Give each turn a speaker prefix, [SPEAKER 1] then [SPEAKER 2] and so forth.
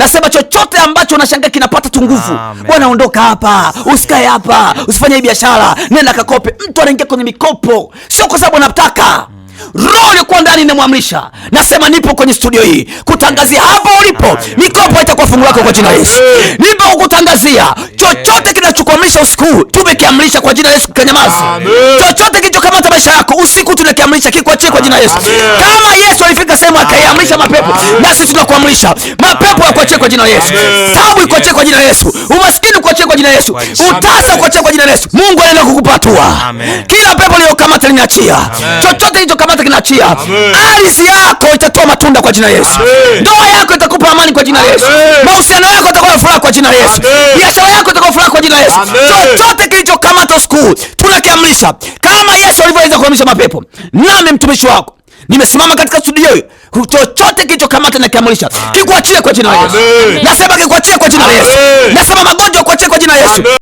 [SPEAKER 1] Nasema chochote ambacho unashangaa kinapata tu nguvu, bwana, ondoka hapa, usikae hapa, usifanye hii biashara, nenda kakope. Mtu anaingia kwenye mikopo sio kwa sababu anataka roho ilikuwa ndani inamwamrisha. Nasema nipo kwenye studio hii kutangazia hapo ulipo, mikopo itakuwa fungu lako kwa jina Yesu. Nipo kukutangazia chochote kinachokuamrisha usiku huu tumekiamrisha kwa jina Yesu, kikanyamaza. Chochote kilichokamata maisha yako usiku tunakiamrisha kikwachie kwa jina Yesu kama ye alifika sehemu akaiamrisha mapepo, nasi tunakuamrisha mapepo yakuachie kwa jina la Yesu. Taabu ikuachie kwa jina la Yesu. Umaskini kuachie kwa jina la Yesu. Utasa kuachie kwa jina la Yesu. Mungu anaenda kukupatua kila pepo lililokamata linaachia, chochote kilichokamata kinaachia. Ardhi yako itatoa matunda kwa jina la Yesu. Ndoa yako itakupa amani kwa jina la Yesu. Mahusiano yako itakuwa furaha kwa jina la Yesu. Biashara yako itakuwa furaha kwa jina la Yesu. Chochote kilichokamata siku tunakiamrisha, kama Yesu alivyoweza kuamrisha mapepo, nami mtumishi wako nimesimama katika studio hii, chochote kilichokamata nakiamulisha kikuachie kwa jina la Yesu. Nasema kikuachie kwa jina la Yesu. Nasema magonjwa kuachie kwa jina la Yesu.